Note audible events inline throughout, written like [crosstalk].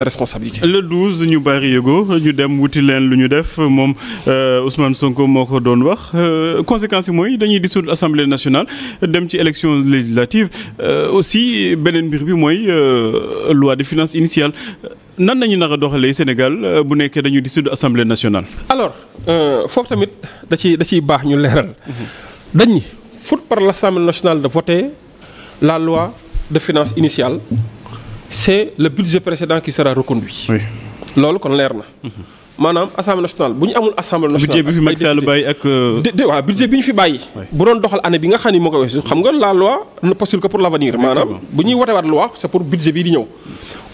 responsabilité. le 12 ñu bari yëgoo ñu dem wuti leen lu ñu def moom euh, Ousmane Sonko moo ko doon wax euh, conséquence yi mooy dañuy dissoudre assemblée nationale dem ci élection législative euh, aussi beneen mbir bi mooy loi de finances initiale nan nañu nar a doxalee Sénégal bu nekkee dañuy dissoudre assemblée nationale. alors foofu tamit da ciy ciy baax ñu leeral. dañ ni par l' assemblée nationale de voter la loi de finances initiale. c'est le budget précédent qui sera reconduit. loolu kon leer na. maanaam assemblée nationale bu ñu amul assemblée nationale. budget bi fi Macky Sall bàyyi ak. Euh, dé ñu fi bàyyi. bu doon doxal année bi nga xam ni moo ko weesu xam nga la loi ne postule que pour l'avenir maanaam bu ñuy wotewaat loi c'est pour budget bii di ñëw.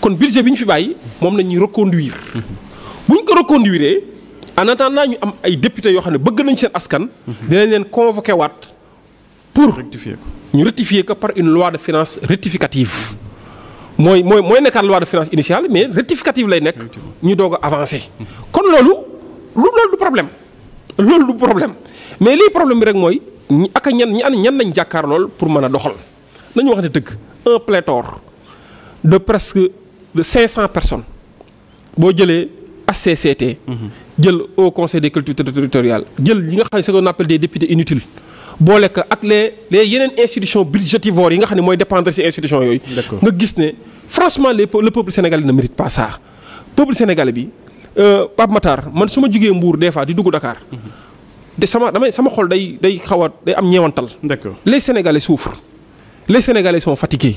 kon budget bi ñu fi bàyyi moom na ñu reconduire. Mhm. bu ñu ko reconduire en naa ñu am ay députés yoo xam ne bëgg nañ seen askan. Mhm. dinañ leen convoqué waat pour. rectifier ñu rectifier ko par une loi de finances rectificative. mooy mooy mooy nekkaat loi de finances initiale mais rectificative lay nekk. ñu doog a avancé. kon loolu lu loolu du problème loolu du problème mais lii problème bi rek mooy ñi ak ñan ñi ànd ñan lañ jàkkaar lool pour mën a doxal nañu wax ne dëgg un pléthore de presque de cent personnes boo jëlee HCCT. Mhm. jël au conseil des collectivités territoriales jël ñi nga xam ne ce qu'on appelle des députés inutiles. boole ko ak les les yeneen institutions budgétivores yi nga xam ne mooy dépendre ci institutions yooyu. nga gis ne franchement les le peuple sénégalais ne mérite pas ça. peuple sénégalais bi euh, Pape Matar man su ma jugee mbuur des fois di dugg Dakar. Mhm. de sama damay sama xol day day xaw day am ñeewantal. d'accord les sénégalais souffrent les sénégalais sont fatigués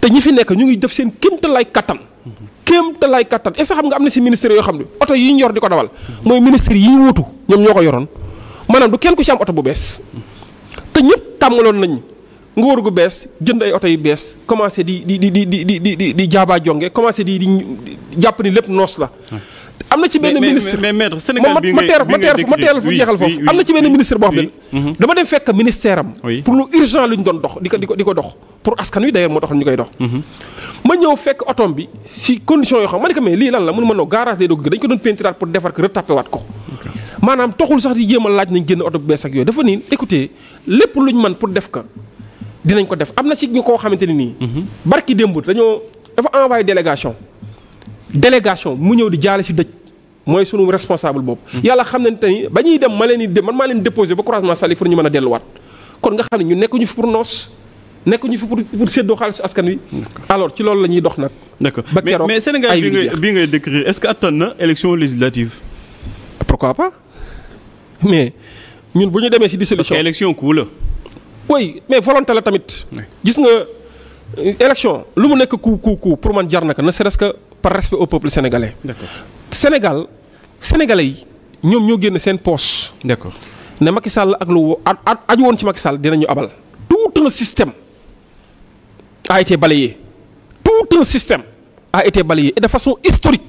te ñi fi nekk ñu ngi def seen kéemtalaay kattan. Mhm. kéemtalaay kattan est-ce que xam nga am na si ministère yoo xam ne oto yi ñu yor di ko dawal. mooy ministre yi ñu ko yoroon maanaam du kenn ku ci am bu bees. Mhm. te ñëpp tàmmaloon nañ nguur gu bees jënd ay oto yu bees commencé di di di di di di di di jaabaa jonge commencé di di jàpp ni lépp noos la. am na ci benn ministre ma ma teer ma teer fu jeexal foofu am na ci benn ministre boo xam mhm. dama dem fekk ministère pour lu urgent lu ñu doon dox di ko di ko di ko dox pour askan wi d'ailleurs moo tax ñu koy dox mhm. ma ñëw fekk otom bi si condition yoo xam ma ne ko lii lan la mënu ma noo garage lay doog dañ ko doon pentiraat pour maanaam toxul sax di jéem a laaj nañ génn oto bu bees ak yooyu dafa nii écoutez lépp ñu man pour def ko dinañ ko def am na ci ñu koo xamante ne nii. Mhm. barki démb dañoo dafa envoyé délégation. délégation mu ñëw di jaale si dëj mooy sunu responsable boobu. Mhm. yàlla xam na ni ba ñuy dem ma leen di man maa leen déposé ba croisement Saly pour ñu mën a delluwaat kon nga xam ne ñu nekkuñu fi pour noos. nekk ñu fi pour pour séddoo xaalisu askan wi. alors ci loolu la ñuy dox nag. d'accord mais mais Sénégal bi ngay bi ngay décrire est-ce que attan na élection législative. pourquoi pas. [laughs] mais ñun bu ñu demee ci dissolution. parce que élection coup la. oui mais volonté la tamit. gis nga euh, élection lu mu nekk coup coup coup pour man jar na ko ne serait-ce que par respect au peuple sénégalais. d'accord Sénégal yi ñoom ñoo génn seen poche. d'accord ne Macky Sall ak lu aju woon ci Macky Sall dinañu abal. tout un système a été yi tout un système a été balayé et de façon historique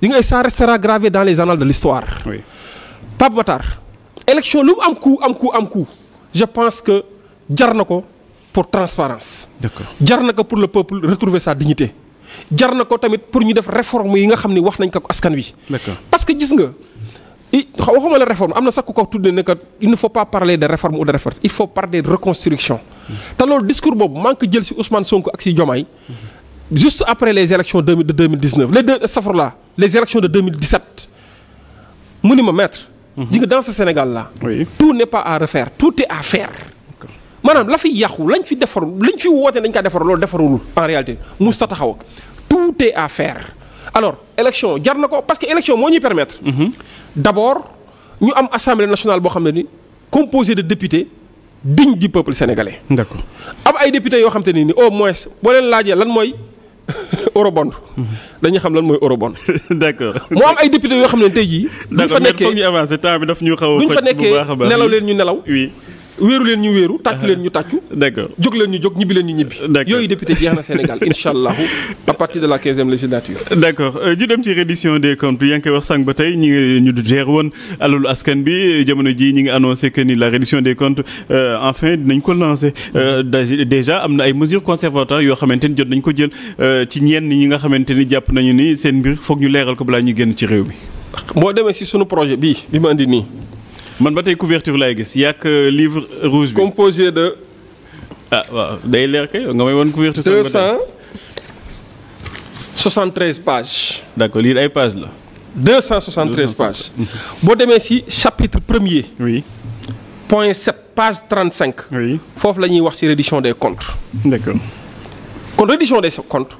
yi nga ça restera gravé dans les annales de l'histoire oui. Pape Matar élection lu mu am coup am ku am coup je pense que jar na ko pour transparence jar na ko pour le peuple retrouver sa dignité jar na ko tamit pour ñu def réforme yi nga xam ni wax nañ ko askan wi parce que gis nga i waxuma la réforme am na sax ku ko tudde ne que il ne faut pas parler de réforme ou réforme il faut parler de reconstruction mm-hmm. te loolu discours boobu maa jël si Ousmane Sonko ak si Diomaye mm-hmm. juste après les élections de 2019 les deux safar là les élections de 2017 mu ni ji nga dans ce Sénégal là. Oui. tout n'est pas à refaire tout est à faire. maanaam la fi yàqu lañ fi defar lañ fi woote dañ kaa defar loolu defarul en réalité mu taxaw tout est à faire alors élection jar na ko parce que élection moo ñuy permettre. Mhm. d'abord ñu am assemblée nationale boo xam ne ni composé de députés. digne du peuple sénégalais. d'accord am ay députés yoo xam te ne ni au moins boo leen laajee lan mooy [laughs] eurobond. dañuy xam lan mooy eurobond. [laughs] d'accord mu am ay député yoo xam ne tey jii. buñ fa nekkee d'accord mais foog ñu avancer temps bi daf ñu xaw a. buñ fa nekkee nelaw leen ñu nelaw. oui wéeru leen ñu wéeru tàccu leen ñu tàccu d'accord jóg leen ñu jóg ñibbi leen ñu ñibbi yooyu député jeex na Sénégal [laughs] incha allahu à partir de la quinzième législature d'accord euh, ñu dem ci reddition des comptes yaa ngi koy wax sànq ba tey ñi ngi ñu gérer woon alalu askan bi jamono ji ñi ngi annoncé que ni la reddition des comptes euh, enfin dinañ ko lancé euh, déjà am na ay mesures conservatoires yoo xamante ni jot nañ ko jël ci ñenn ñi nga xamante ni jàpp nañu ni seen mbir foog ñu leeral ko balaa ñu génn ci réew mi boo demee si sunu projet bi ma andi nii man ba tey couverture laay gis yàq euh, livre rouge bi. composé de. ah waaw day leer kay nga may wan couverture. 273 pages. d'accord lii ay pages la. 273 pages. boo demee ci chapitre premier. oui. point 7 page 35. oui foofu la ñuy wax ci reddition des comptes. d'accord kon reddition des comptes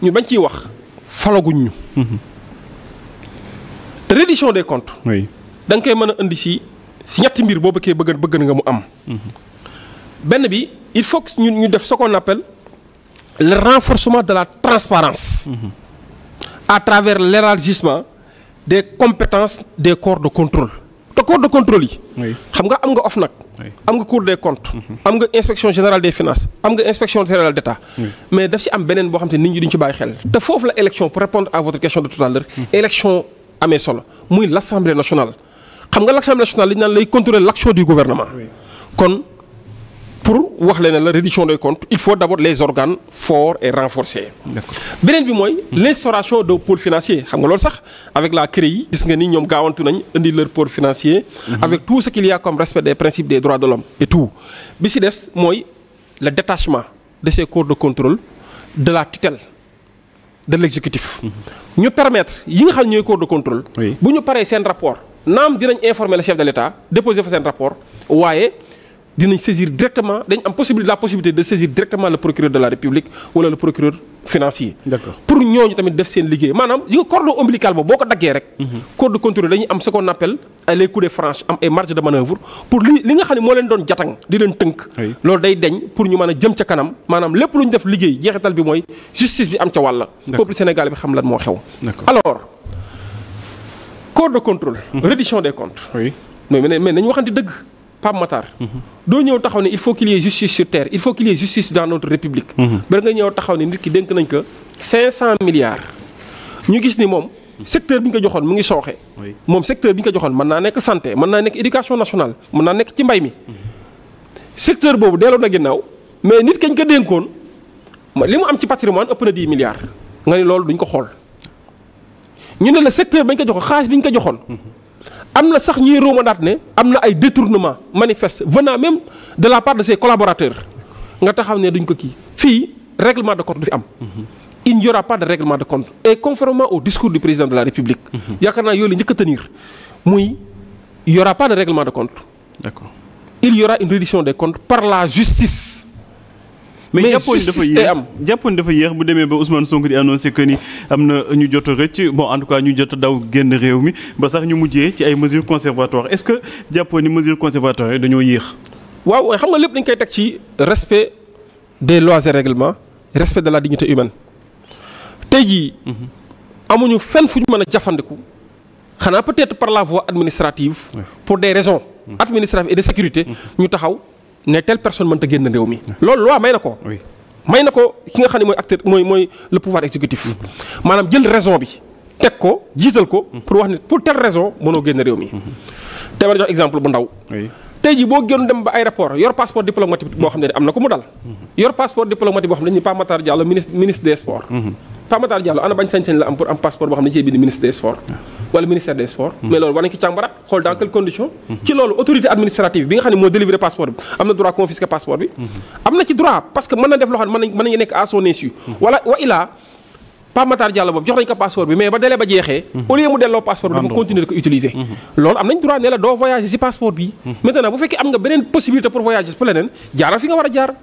ñu bañ ciy wax falaguñ ñu. te mhm. reddition des comptes. da nga koy mën a indi si si ñetti mbir boo bëggee bëgg bëgg nga mu am. benn bi il faut que ñu ñu def ce qu'on appelle le renforcement de la transparence à travers l'élargissement des compétences des corps de contrôle te corps de contrôle yi xam nga am nga OFNAC am nga cour des comptes mhm. am nga inspection générale des finances am nga inspection générale d'État mais daf si am beneen boo xam te nit ñi duñu ci bàyyi xel te foofu la élection pour répondre à votre question de tout à l'heure mhm. élection xam nga l' assemblée nationale li ñu naan lay contrôler l' action du gouvernement. kon pour wax leen ne la reddition des comptes il faut d' abord les organes forts et renforcés. beneen bi mooy. l' instauration de pôle financier xam nga lool sax avec la CREI gis nga ni ñoom gaawantu nañ indi leur pôle financier. Mhm. avec tout ce qu'il y a comme respect des principes des droits de l'homme et tout bi si des mooy le détachement de ces corps de contrôle de la de l' exécutif. Mhm. ñu mmh. permettre yi nga xam ne ñooy corps de contrôle. ñu paree seen rapport naam dinañ informer le chef de l'État déposer fa seen rapport waaye dinañ saisir directement dañ am possibilité la possibilité de saisir directement le procureur de la République wala le procureur financier. d'accord pour ñooñu tamit def seen liggéey maanaam yi nga cordon ombilical boobu boo ko daggee rek. Mhm. corps de contrôle dañuy am ce qu'on appelle les coudées franches am ay marge de manœuvre pour li li nga xam ne moo leen doon jatang di leen tënk. loolu day deñ pour ñu mën a jëm ca kanam maanaam lépp lu ñu def liggéey jeexital bi mooy justice bi am ca wàll. peuple Sénégal bi xam lan moo xew. alors. corps de contrôle. Mhm. reddition des comptes. oui mais mais nañu waxante dëgg Pape Matar. Mhm. doo ñëw taxaw ne il faut qu'il y justice sur terre il faut qu'il y ait justice dans notre république. Mhm. ba nga ñëw taxaw ne nit ki dénk nañ ko. 500 ñu gis ni moom. secteur bi ñu ko joxoon mu ngi sooxe. moom secteur bi ñu ko joxoon mën naa nekk santé mën naa nekk éducation nationale mën naa nekk ci mbay mi. secteur boobu delloo na ginnaaw mais nit kañ ko dénkoon li mu am ci patrimoine ëpp na 10 milliards nga ni loolu duñ ñu ne la secteur bañ ko joxoon xaalis bi ñu ko joxoon. am na sax ñuy romandaat ne am na ay détournement manifeste venant même de la part de ses collaborateurs nga taxaw ne duñ ko kii fii règlement de compte du fi am. il n'y aura pas de règlement de compte et conformément au discours du président de la république. yaakaar naa yooyu la njëkk a tenir muy il y aura pas de règlement de compte. il y une reddition des comptes par la justice. mais jàppoon dafa yéex jàppoon dafa yéex bu demee ba Ousmane Sonko di annoncé que ni am na ñu jot a rëcc bon en tout cas ñu jot daw génn réew mi ba sax ñu mujjee ci ay mesures conservatoires est-ce que jàppoon ni mesures conservatoires dañoo yéex. waaw xam nga lépp dañ koy teg ci respect des lois et règlements respect de la dignité humaine tey jii. Mhm. amuñu fenn fu ñu mën a jafandiku xanaa peut-être par la voie administrative. pour des raisons administratives et de sécurité. Mhm. ñu taxaw. ne telle personne mënta génn réew mi. loolu loi may na ko. may na ko ki nga xam ne mooy acteur mooy mooy le pouvoir exécutif. Mm-hmm. maanaam jël raison bi teg ko jiital ko. Mm-hmm. pour wax ne pour telle raison mënoo génn réew mi. Mm-hmm. te ma jox exemple bu ndaw. tey jii boo génn dem ba aéroport yor passeport diplomatique boo xam ne am na ko mu dal. yor passeport diplomatique boo xam ne dañuy Pape Matar ministre ministre des Pape Matar ana bañ sañ-sañ la am pour am passeport boo xam ne dañu cee ministre des sports wala ministère des sports hmm. mais loolu war nañ ko càmbaraat xool dans hmm. quelles conditions hmm. ci loolu autorité administrative bi nga xam ne moo délivré passeport bi am na droit confisquer passeport bi am na ci droit parce mën na def loo xam ne mën nañ mën nekk à son insu wa ilaa Pape passeport bi mais ba délai ba jeexee. Mhm. au lieu mu delloo passeport bi dafa continuer di ko utiliser. Mhm. loolu am nañ droit ne doo voyager ci passeport bi. Mhm. maintenant bu fekkee am nga beneen possibilité pour voyager pour leneen jaaral fi nga war a jaar.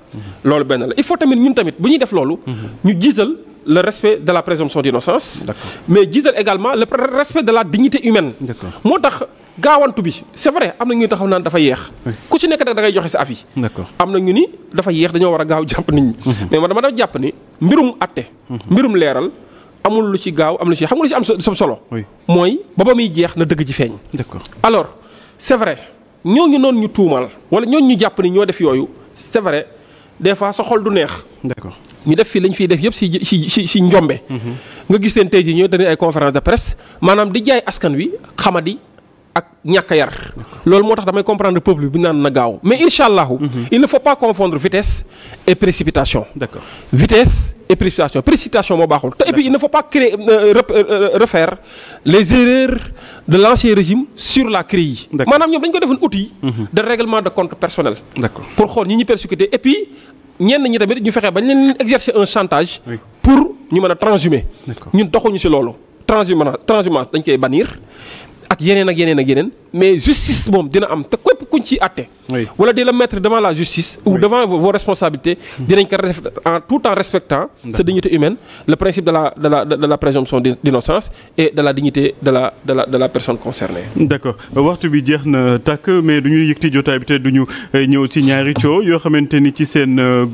loolu benn la il faut tamit ñun tamit bu ñuy def loolu. ñu jiital le respect de la présomption d'innocence. mais jiital également le respect de la dignité humaine. moo tax. gaawantu bi c'est am na ñu taxaw naan dafa yeex ku ci nekk nag da ngay joxe sa avis am na ñu ni dafa yeex dañoo war a gaaw jàpp nit ñi mhm. mais man dama dafa jàpp ni mhm. mbirum leeral amul lu ci gaaw am lu ci xam nga ci am sa solo mooy ba ba muy jeex na dëgg ci feeñ alors c'est ñoo ñooñu noonu ñu tuumal wala ñooñu ñu jàpp ni ñoo def yooyu c'est vrai fois sa xol du neex ñu def fii lañ fiy def yëpp si si si si njombe mhm. nga gis leen tey ñoo dañuy ay conférence de presse maanaam di jaay askan wi xamadi ak ñàkk yar loolu moo tax damay comprendre peuple bi naan na gaaw mais incha allahu mhm. il ne faut pas confondre vitesse et précipitation d'accord vitesse et précipitation précipitation moo baaxul te et puis il ne faut pas créer euh, euh, euh, refaire les erreurs de l'ancien régime sur la CREI maanaam ñoom dañ ko defoon outil mhm. de règlement de compte personnel d'accord pour xool ñi ñu persécuter et puis ñenn ñi tamit ñu fexee bañ leen exercer un chantage pour ñu mën a transhumer ñun doxuñu si loolu transhumance transhumance dañ koy bannir ak yeneen ak yeneen ak yeneen mais justice moom dina am te képp kuñ ciy àtte. wala di la mettre devant la justice. ou devant vos responsabilités. Hmm. dinañ ko def en tout en respectant. sa dignité humaine le principe de la présomption d'innocence et de la dignité de la personne concernée. d'accord waxtu bi jeex na tàkk mais du ñu yëg jotaay bi te du ñu eh, ñëw ci ñaari coow yoo xamante ni ci seen. Euh,